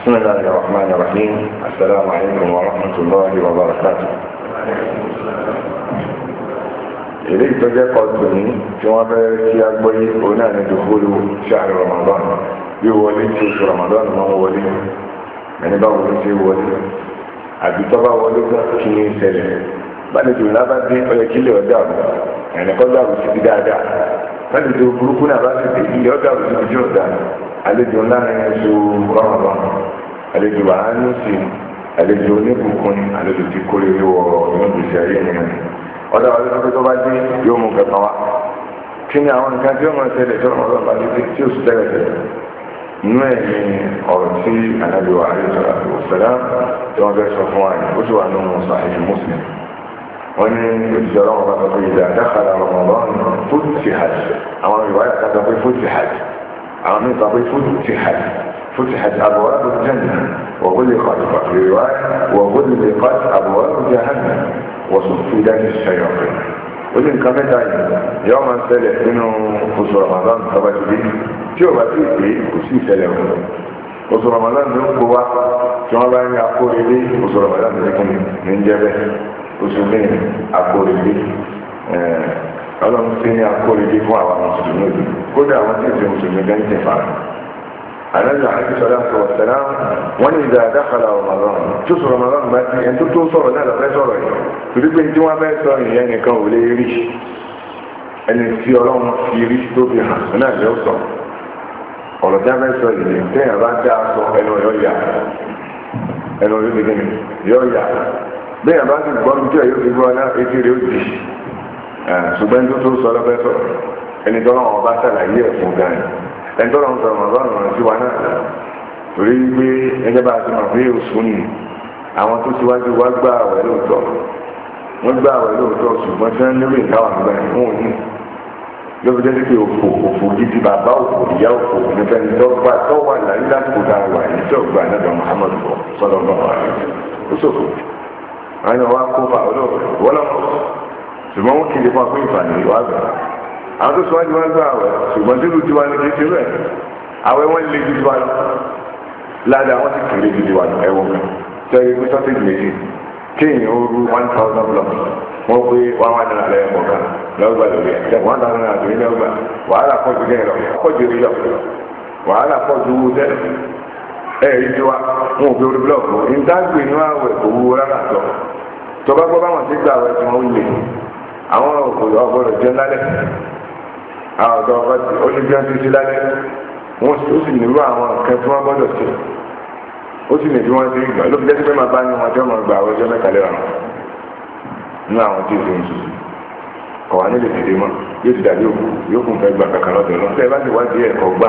بسم الله الرحمن الرحيم السلام عليكم ورحمة الله وبركاته èdè ìtọ́jẹ́ kọ́ọ̀tù ní tí wọ́n fẹ́ kí a gbọ́ yí òun náà ní dùkúrú ṣáàrì Ramadan bí wọlé tí oṣù Ramadan máa ń wọlé ẹni bá wọlé tí wọlé àbí tó bá wọlé gbà kí ní ṣẹlẹ̀ bá ní tòun lábá dé ọyẹ kí lè ọjà àbò ẹni kọjá àbò sí ti dáadáa bá àlejò ńlá ni oṣù rọmọdún àlejò àánú sí àlejò oníbùkún àlejò tí kórè wọ inú gbèsè ayé nìyẹn ọ̀dà wà lórí tó bá dé yóò mú kẹta wá kí ni àwọn nǹkan tí ó máa ṣẹlẹ̀ tí ọlọ́mọdún bá dé tí ó sì tẹ́lẹ̀ tẹ́lẹ̀ nínú ẹ̀ ní ọ̀rọ̀ tí ànábì wa ayé àti òṣèlá tí wọ́n fẹ́ sọ fún wa yìí ó sì wà nínú sàhìhì mùsùlùmí wọ́n ní òṣìṣẹ́ ọlọ́mọdún bá sọ pé ìdá àdákàlà ọmọdún fúti hajj àwọn ìwà àwọn mẹ́ta pé futihat futihat abwaab al-janna wa ghulqat fi riwaaya wa ghulqat abwaab jahannam wa suffidat ash-shayatin ó ní nǹkan mẹ́ta yìí yọ máa ń ṣẹlẹ̀ nínú oṣù Ramadan tọ́ba ti dé tí ò bá ti pè é kò sí ìṣẹ̀lẹ̀ ọ̀hún oṣù Ramadan ló ń kó wa tí wọ́n bá ń ya kó ilé oṣù Ramadan ló ń kó mi ní jẹ́ bẹ́ẹ̀ oṣù mẹ́rin àkó ilé ọlọ́run sí ní akóredé fún àwọn mùsùlùmí òbí kódà àwọn tí ìsìn mùsùlùmí gan ti fara àlejò àti sọlá sọ̀rọ̀ sẹlá wọn ní ìdá àdáfàlà ọmọlọrun tó sọ̀rọ̀ ọmọlọrun bá ti ẹni tó tó sọ̀rọ̀ náà lọfẹ sọ̀rọ̀ yìí torí pé tí wọn bẹ sọ ìyẹn nìkan ò lè rí ẹni tí ọlọ́run fi rí tó fi hàn náà lè sọ ọ̀rọ̀ tí a bẹ sọ ìyẹn tẹyìn bá dá sọ ẹnu ọyọ yà ẹnu ọyọ gbẹgbẹ yọ yà bẹ́ẹ̀ bá ti gbọ́ bí ọyọ gbẹgbẹ wọn náà rẹ ó di ṣùgbọ́n tó tó sọ lọ́fẹ́ sọ ẹni tọ́lọ́ wọn bá ṣàlàyé ẹ̀fún gan ẹni tọ́lọ́ wọn sọ̀rọ̀ lọ́rùn rẹ̀ sí wa náà torí pé ẹgbẹ́ bá a ti mọ̀ pé oṣù ni àwọn tó ti wájú wá gbà wẹ̀ lóòótọ́ wọ́n gbà wẹ̀ lóòótọ́ ṣùgbọ́n tí wọ́n lérò ìdáwà nígbà yẹn fún òní lọ́wọ́ jẹ́ pé òfò òfò gidi bàbá òfò ìyá òfò nípa ẹni tó bá tó wà láyé lásìkò tá a wà yìí tó gba ẹ̀dọ̀ Muhammad sọlọ́ọ̀ bá wà ó ṣòfò àwọn ẹni wọ́n á kó fa olóòfò wọ́n lọ́wọ́ ṣùgbọ́n wọ́n kéde fún akóyìn fàní ìlú àgbà àwọn tó sọ́wọ́dì wọn gbọ́ àwẹ̀ ṣùgbọ́n tí ìlú tiwa ní kéṣe rẹ̀ àwẹ̀ wọn lé ju tiwa lọ ládàá wọn ti kéré ju tiwa lọ ẹ̀wọ̀n kan sẹ́yìn pé sọ́tẹ́jì méjì kéèyàn ó rú one thousand blocks wọ́n pé wọ́n wá nínú alẹ́ ẹ̀kọ́ kan lọ́gbà lórí ẹ̀ wọ́n dáná náà lórí lọ́gbà wàhálà pọ̀jù kẹ́ lọ pọ̀jù rí lọ wàhálà pọ̀jù wú dẹ́ ẹ̀ rí tiwa wọn ò fi orí blọọkù ìdágbé ni wọn àwẹ̀ kò wú rárá lọ tọ́gbàgbọ́ báwọn ti gbà wẹ̀ tí wọ́n ń lè àwọn ọ̀gbọ̀dọ̀ jẹun lálẹ́ àwọn ọ̀dọ́ oníjẹun ti sí lálẹ́ wọ́n ó sì nílò àwọn nǹkan tí wọ́n gbọ́dọ̀ ti gbà pé máa bá ní wọn jọ́ máa gba àwọn ọjọ́ mẹ́ta lẹ́wà wọn àwọn tí ń kọ̀ wá nílé mọ́ yóò ti dàbí òkú yóò kún fẹ́ gbà kankan lọ́dọ̀ lọ fẹ́ bá ti wá díẹ̀ kọ̀ gbá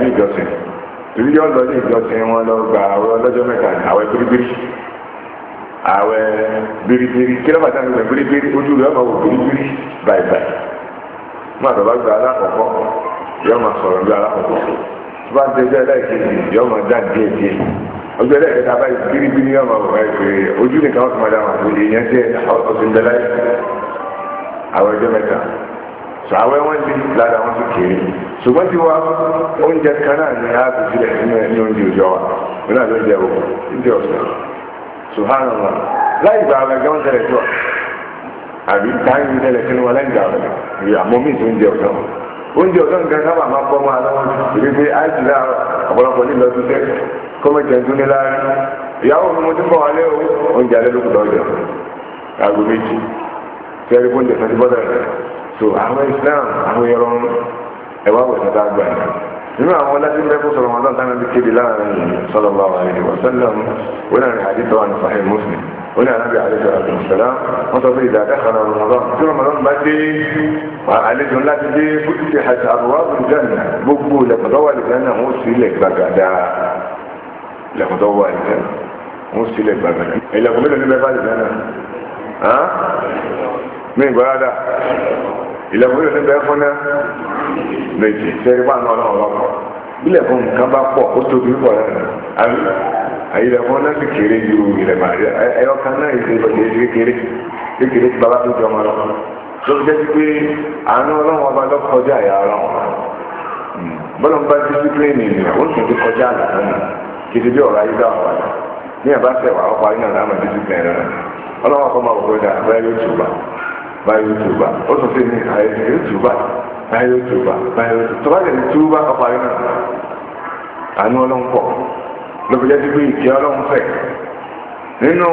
nǹkan yóò ilé ọ̀dọ́ ní ìjọsìn wọn lọ gba àwọn ọlọ́jọ́ mẹ́ta ní àwẹ̀ biribiri àwẹ̀ biribiri kí ló bàtà nígbà biribiri ojú rẹ̀ ọmọ wò biribiri báibáì má dọ̀ bá gba alákọ̀ọ́kọ́ yóò máa sọ̀rọ̀ bí alákọ̀ọ́kọ́ tó bá ń tẹ́jọ́ ẹlẹ́ẹ̀kejì yóò máa dá díẹ̀ díẹ̀ ojú ẹlẹ́ẹ̀kẹta báyìí biribiri yóò máa wọ̀ ojú nìkan ọ̀sùn máa dá wọn àti ìyẹn jẹ́ ọ̀sùn bẹ́láì àwẹ̀ ọjọ́ mẹ́ta sàwẹ́ wọn ti lára wọn ti kéré ṣùgbọ́n tí wa oúnjẹ kan náà ni a kò sílẹ̀ nínú ẹni oúnjẹ òjò wa wọn náà ló jẹ o oúnjẹ ọ̀sán ṣùgbọ́n àwọn láì gbà àwọn ẹgbẹ́ wọn tẹ̀lé tó àbí táyì ń tẹ̀lé sínú wọn láì gbà àwọn ẹgbẹ́ àmọ́ mi tún jẹ ọ̀sán oúnjẹ ọ̀sán nǹkan sábà máa bọ́ mọ́ àlọ́ ìdí pé àìsí láàárọ̀ ọ̀pọ̀lọpọ̀ nílò tó tẹ́ kọ́mọ̀jẹ̀ tún ní láàárín ìyàwó mi mo ti bọ̀ wálé o oúnjẹ alẹ́ ló kù lọ́jọ́ aago méjì tẹ́rí bóńdẹ̀ fẹ́ ti bọ́dọ̀ rẹ̀ so àwọn islam àwọn yọrọ ẹwà wẹsẹ tá a gbà yẹn nínú àwọn ọlọ́dún bẹ́ẹ̀ kó sọ̀rọ̀ mọ́tàn tánà bí kéde láàrin yìí sallallahu alaihi wa sallam wọn náà ní àdìsọ́ àti sahih muslim wọn náà nábì àlejò àti ìṣẹ̀lá wọn sọ pé ìdá dákàrà rọmọdán tí rọmọdán bá dé àlejò ńlá ti dé kúti ti hàtà àbúrò àbújáná gbogbo lẹ́kọ̀tọ́wà lẹ́kọ̀tọ́wà wọn sì lẹ̀ gbàgàdà lẹ́kọ̀tọ́wà sì lẹ̀ gbàgàdà ẹ̀lẹ́kùn mélòó ní ìlẹ̀kùn yóò ní bẹ́ẹ̀ fún náà méjì sẹ́rí wà náà náà lọ́kọ̀ ìlẹ̀kùn nǹkan bá pọ̀ ó tóbi pọ̀ lẹ́nu àbí ìlẹ̀kùn náà sì kéré ju ìlẹ̀kùn àríyá ẹ̀yọ́ kan náà ìṣe ìbọ̀dé kékeré kékeré ti bàbá tó jọ ọmọ lọ ló fi jẹ́ sí pé àánú ọlọ́run ọba lọ kọjá àyà ọlọ́run hmm. bọ́lá ń bá disipline ènìyàn ó sì ti kọjá àlà náà kìdí bí ọ̀rọ̀ ayé dá wà ní ẹ̀ bá tẹ̀ wà ó parí náà láàmú disipline náà bayan tuba wasu sai ne a yi tuba bayan tuba bayan tuba tuba da tuba a bayan nan àánú ọlọ́run pọ̀ lọ́bi jẹ́ pé ìkẹ́ ọlọ́run fẹ̀ nínú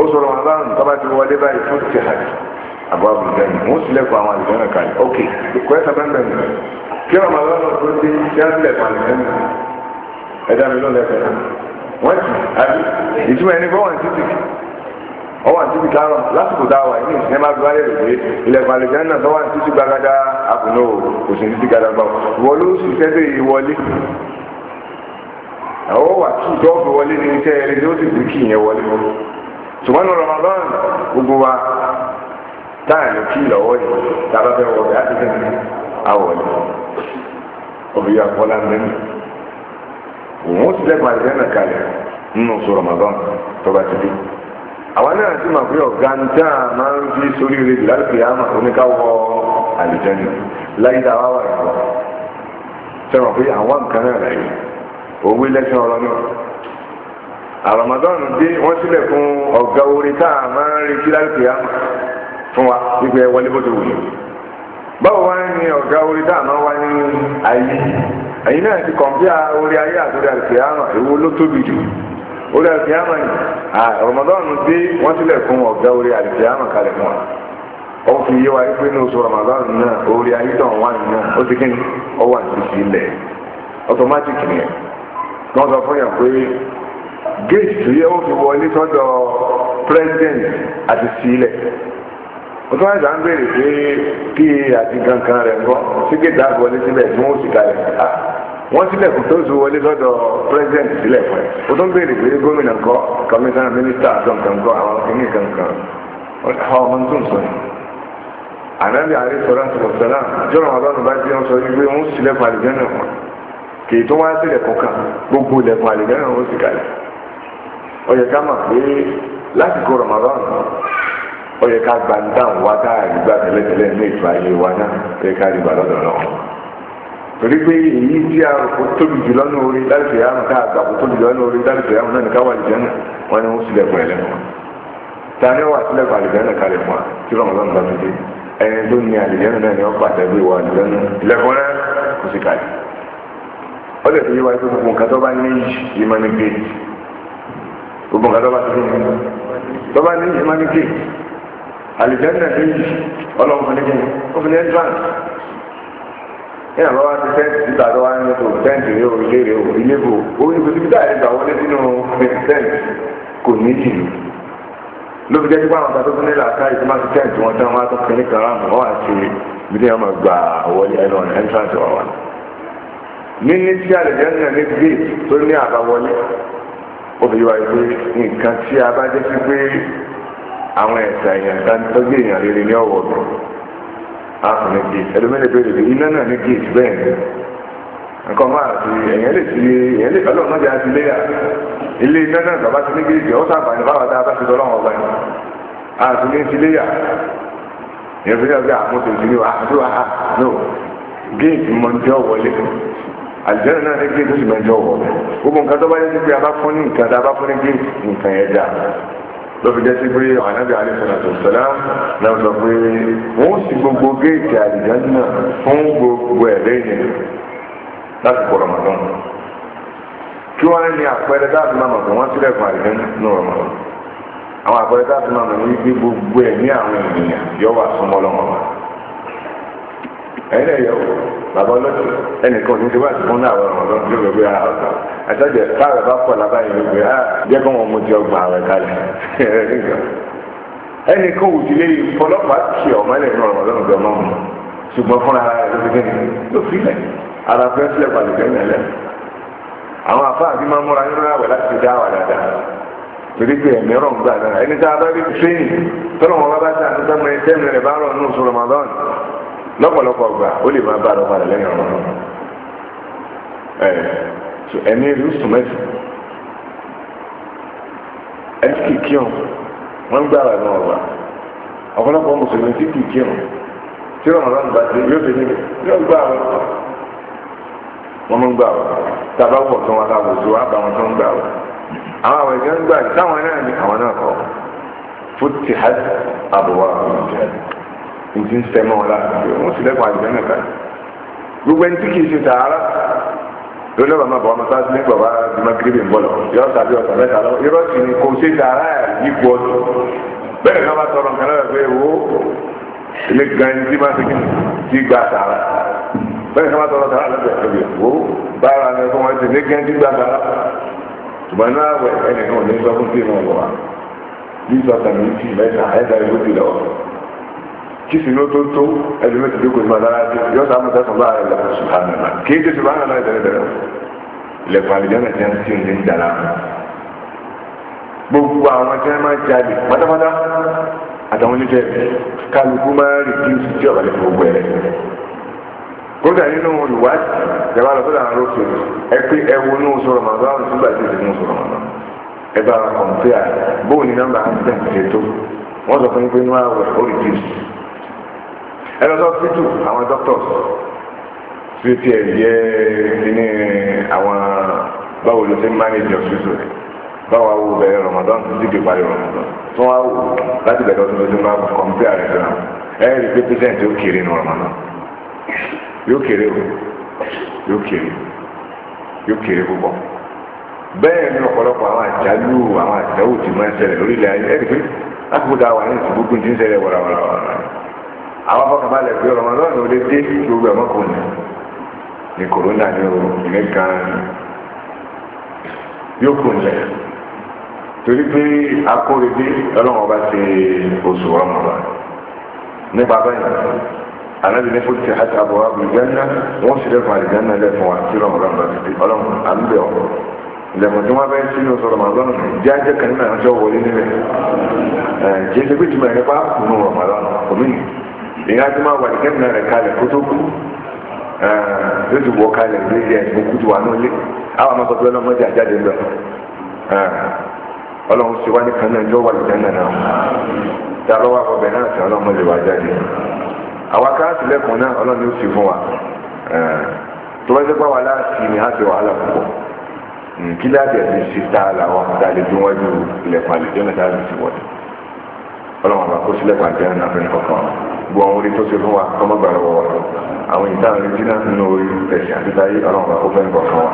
oṣù ramadan tọ́ba ti wọlé báyìí fún ti hajj àbọ̀ àbùdá ni wọ́n sì lẹ́kọ̀ọ́ àwọn àlùfẹ́ náà kalẹ̀ ok kọ́ẹ́sà bẹ́ẹ̀ bẹ́ẹ̀ kí ramadan tó dé kí á àlùfẹ́ náà ẹ̀dá mi ló wọ́n ti àbí ìtumọ̀ ẹni bọ́wọ̀n títì síbi kárọ̀ lásìkò dá wà ní ìsinmi máa gbá lérò pé ilẹ̀kùn àlejò náà tọ́wọ́ ní títí gbàgádá àbùnú kò sí títí gbàdàgbà wọ́n ló sì tẹ́lẹ̀ yìí wọlé àwọn wà kí ìjọ́ọ̀bù wọlé ní iṣẹ́ eré ló sì fi kí ìyẹn wọlé mọ́ ṣùgbọ́n ní Ramadan gbogbo wa táà ní kí ìlọ́wọ́ yìí tábà fẹ́ wọlé láti fẹ́ mi àwọ̀lé òbí àkọlá mẹ́rin òun ó ti lẹ́kùn àlejò náà kalẹ̀ nínú Ramadan tó ti dé àwọn náà sì máa fi ọ̀gá ń tán à máa ń fi sórí rẹ̀ jù láti pè á mà oníkáwọ àlùjẹ́nu láyé dáwà wà yìí sẹ́wọ̀n pé àwọn nǹkan náà rẹ̀ òwe lẹ́sìn ọ̀rọ̀ náà àrọ̀mọ́dọ́nù dé wọ́n sílẹ̀ fún ọ̀gá orí tá a máa ń retí láti pè á mà fún wa wípé wọlé bó ti wù yìí báwo wá ní ọ̀gá orí tá a máa wá ní ayé ẹ̀yin náà ti kọ̀ǹpíà orí àlùfíàmà yìí rọmọdọ́ọ̀nù tí wọ́n sílẹ̀ fún ọ̀gá orí àlùfíàmà kalẹ̀ fún wa ó fi yé wa pé ní oṣù rọmọdọ́ọ̀nù náà orí ayétọ̀n wà nínú ó ti kíni ó wà ní ti ilẹ̀ ọtọmátìkì nìyẹn wọ́n sọ fún yàn pé gate tí ó fi wọlé sọ́dọ̀ president àti sílẹ̀ ó tún àìsàn ń béèrè pé pa àti kankan rẹ̀ ń bọ́ sí gate àgbọ̀lé síbẹ̀ tí wọ́n ó sì kalẹ̀ wọ́n sílẹ̀ kò tó zu wọlé lọ́dọ̀ president sílẹ̀ fún ẹ o tó ń béèrè pé gómìnà kọ kọmíṣánná mínísítà kankan kọ àwọn kìíní kankan ọmọ tó ń sọ yìí ànábì àrí sọ̀rọ̀ àti mọ̀sálà jọ̀rọ̀ àwọn ọlọ́run bá jẹ́ wọn sọ wípé wọ́n sílẹ̀ fún àlùjànnà wọn kì í tó wá sílẹ̀ kọ̀ọ̀kan gbogbo ilẹ̀kùn àlùjànnà wọn sì kalẹ̀ ó yẹ ká mọ̀ pé lásìkò Ramadan ó yẹ ká gbàǹdà wá káàrí gbà tẹ́lẹ̀tẹ́lẹ̀ ní ìtura ilé wa náà ó yẹ ká rí gbà lọ́dọ̀ náà torí pé èyí tí a kò tóbi jù lọ́nà orí láti fi àrùn ká àgbà kò tóbi jù lọ́nà orí láti fi àrùn náà ní káwá ìjẹ́ náà wọ́n ní wọ́n sílẹ̀ pẹ̀lẹ́ lẹ́nu wọn. ta ni wà sílẹ̀ pẹ̀lẹ́ àlejò náà kalẹ̀ wa tí rọmọdún bá ti dé ẹni tó ní àlejò náà ni wọ́n pàṣẹ bí wà àlejò náà ilẹ̀kùn náà kò sí kalẹ̀. ó lè fi wa pé gbogbo nǹkan tó bá ní ìmọ̀ ní gate gbogbo nǹkan tó bá ti dé tó bá ní ìmọ̀ ní gate àlejò náà ní ọlọ́run ní àwọn wá ti tẹ́ǹtì síta tó wá nínú tó tẹ́ǹtì rẹ òrùlé rẹ òrùlé bò òun ni kò síbi táyà ìgbà wọlé sínú tẹ́ǹtì kò ní jìnnà ló fi jẹ́ pípa àwọn tàbí tó nílò àká ìtumá ti tẹ́ǹtì wọn tán wọn á tó kíní kan ráàmù wọn á ti bí ní ọmọ gbà wọlé ẹnu ọ̀nà ẹ̀ńtráǹtì wà wà. níní tí àlejò ẹ̀ńtì náà ní gbé tó ní àbáwọlé ó fi wáyé pé nǹkan tí a bá jẹ́ sí pé àwọn ẹ̀sà èèyàn àfọ̀nì gate ẹlòmínì bèrè bèrè iná náà ní gate bẹ́ẹ̀ ni nǹkan máa ti èèyàn lè ti èèyàn lè ọlọ́run náà jẹ́ àti ilé yà ilé iná náà bàbá ti ní gate ọ̀sán àbàní báwa tá a bá ti dọ́ ọlọ́run ọba yìí àti ní ti ilé yà èèyàn fi náà bí àmúto ìdílé wa àti wa ha no gate mọ̀ ní ọ̀ wọlé àlìjẹ́rìn náà ní gate ó sì ní ọ̀ gbogbo nǹkan tó bá yẹ kí a bá fún ní nǹkan tá a bá fún ní gate nǹkan yẹn dáa lọ́fi jẹ́ sí pé ànábì alẹ́sọ̀lá náà sọ pé wọ́n sì gbogbo géètì àlìjánná fún gbogbo ẹ̀rẹ́ yẹn láti kọ̀ rọ̀mọ̀tán kí wọ́n ní àpẹẹrẹ dáàbò máa mọ̀ pé wọ́n sílẹ̀ fún àlìjánná náà rọ̀mọ̀tán àwọn àpẹẹrẹ dáàbò máa mọ̀ ní pé gbogbo ẹ̀mí àwọn ènìyàn yọ wà súnmọ́ lọ́wọ́ ẹ̀yìn ẹ̀yẹ̀wò bàbá ọlọ́tì ẹnìkan ní ti wá sí fún àwọn ọmọ ọlọ́tì ló gbé ara ọ̀tọ̀ àtọ́jẹ káàrọ̀ bá pọ̀ lábá yìí ló gbé ah jẹ́ kó wọn mú ti ọgbà rẹ̀ kalẹ̀ ẹnìkan ò ti lé ìfọlọ́pàá ti ọmọ ẹlẹ́nu ọmọ ọlọ́tì ọmọ mu ṣùgbọ́n fúnra rẹ̀ ló fi kéde ló fi lẹ̀ ara fẹ́ sílẹ̀ balùwẹ̀ nílẹ̀ àwọn afáàfin máa múra nínú àwẹ̀ láti dá wà dáadáa torí pé ẹ̀mí ọ̀rọ̀ ń gbà náà ẹni tá a bá rí tírénì tọ́lọ́mọ bá bá tà ní sọ́mọ ẹ̀ṣẹ́ mi rẹ̀ bá rọ̀ nù sọ̀rọ̀ mọ́lọ́ọ̀nù lọ́pọ̀lọpọ̀ gbà ó lè máa bá lọ padà lẹ́yìn ọ̀rọ̀ náà ẹ̀ ẹni rí sùmẹ́tì ẹni kì í kírun wọ́n gbà wà náà wà ọ̀pọ̀lọpọ̀ mùsùlùmí tí kì í kírun tí wọ́n rán gbà sí yóò fi níbi yóò gbà wọ́n wọ́n mú gbà wọ́n tàbá wọ̀ tán wọn láwùjọ tó wà bá wọn tán gbà wọ́n àwọn àwọn ìgbà ń gbà táwọn náà ní àwọn náà kọ̀ fún tìhádì àbúwá ọ̀hún tìhádì nti ń sẹ́mọ́ wọn láti fi wọ́n sì lẹ́kọ̀ọ́ àjẹ́ náà káyọ̀ gbogbo ẹni tí kì í ṣe sàárà lórí ọ̀bà máa bọ̀ ọmọ sáà sílẹ̀ bàbá jùmọ̀ gírígì ń bọ̀ lọ yọ tàbí ọ̀sán mẹ́ta lọ irọ́ sì ni kò ṣe sàárà yípo ọtún bẹ́ẹ̀ náà bá tọrọ nǹkan lọ́wọ́ pé wo ilé gan ni tí máa ti kíni tí gba sàárà bẹ́ẹ̀ náà bá tọrọ sàárà lọ́wọ́ pé wo bára ni fún wọn ti ilé gan tí gba sàárà ṣùgbọ́n náà wẹ̀ ẹnì kan ò ní sọ fún tí ì kìsì ló tó tó ẹlòmí ti dúkùn ìmọ̀ lára ti yọ sáà mọ̀ sẹ́sọ̀ láàrin lẹ́kùn sùhánà náà kì í ti sùhánà náà ìtẹ̀lẹ̀ tẹ̀lẹ̀ lẹ́kùn àlùjọ́nà ti ń sìn ní ìdàlá gbogbo àwọn tí wọ́n máa jáde pátápátá àtàwọn oníṣẹ́ kálukú máa rí kí n sì tí ọ̀bàlẹ̀ fún gbogbo ẹ̀rẹ́ kódà nínú olùwádìí ìjọba lọ sọ́dọ̀ àwọn olóṣèlú ẹ pé ẹ wo inú sọ̀rọ̀ màá bá wọn nígbà tí ìṣẹ̀lẹ̀ sọ̀rọ̀ màá ẹ bá wọn kọ̀ǹpẹ́à bóun ní nọ́mbà àti tẹ̀sí tó wọ́n sọ fún yín pé inú àwẹ̀ ó rí kí n sì ẹ lọ sọ fítù àwọn doctors tí tí ẹ jẹ kíní àwọn báwo ló ti ń manage hospital rẹ báwo awo bẹ̀rẹ̀ Ramadan títí di parí Ramadan tún wá wò láti bẹ̀rẹ̀ ọdún lójú máa compare rẹ̀ síra ẹ rí pé patient yóò kéré nu Ramadan yóò kéré o yóò kéré yóò kéré púpọ̀ bẹ́ẹ̀ ni ọ̀pọ̀lọpọ̀ àwọn àjálù àwọn àjáwò ti máa ń ṣẹlẹ̀ lórílẹ̀ ayé ẹ rí pé láti kó dáa wà ní ìsìnkú gbogbo ti ń ṣẹlẹ̀ wàràwàrà àwọn afọkànbalẹ̀ pé Ramadan ò lè dé gbogbo ẹ̀mọ́ kò ní ní kòrónà ní o nìkan yóò kò ní torí pé akóredé ọlọ́run ọba ti oṣù Ramadan nípa báyìí anabi ne futi hati abuwa aljanna wọn sì lẹfún aljanna lẹfún wa tí Ramadan bá ti di Ọlọ́run à ń bẹ ọ lẹfún tí wọn bẹ sí ní oṣù Ramadan jáde kan nínú àwọn ọjọ́ wọlé níbẹ̀ ẹ jẹ ẹgbẹ tí mo yẹ nípa kùnú Ramadan omi nìyí ìyá tó máa wà ní kẹ́mìnà rẹ̀ kalẹ̀ kó tó kú yóò ti wọ kalẹ̀ lórí ẹ̀ mo kú ti wà ní ilé àwọn ọmọ sọ̀tún ọlọ́mọ jà jáde lọ ọlọ́run ṣe wá ní kan náà yóò wà ní kẹ́mìnà náà tá a lọ́wọ́ àkọ́bẹ̀ náà sí ọlọ́mọ lè wà jáde àwa káàtì lẹ́kùn náà ọlọ́run yóò ṣe fún wa tó bá ṣe pá wàhálà sí ni á ṣe wàhálà púpọ̀ hmm, kí láti ẹ̀sìn ṣe tá a làwọn tá a lè dún wájú ilẹ̀kùn àlejò náà tá a lè ṣe wọlé ọlọ́run àbá sílẹ̀kùn àjẹ́ náà fẹ́ẹ́ kọ̀ọ̀kan gbọ́ àwọn orí tó ṣe fún wa ọmọ gbàlọ́wọ́ wa àwọn ìtàn àrídínà nínú orí ẹ̀sìn àti táyé ọlọ́run àkófẹ́ nǹkan fún wa.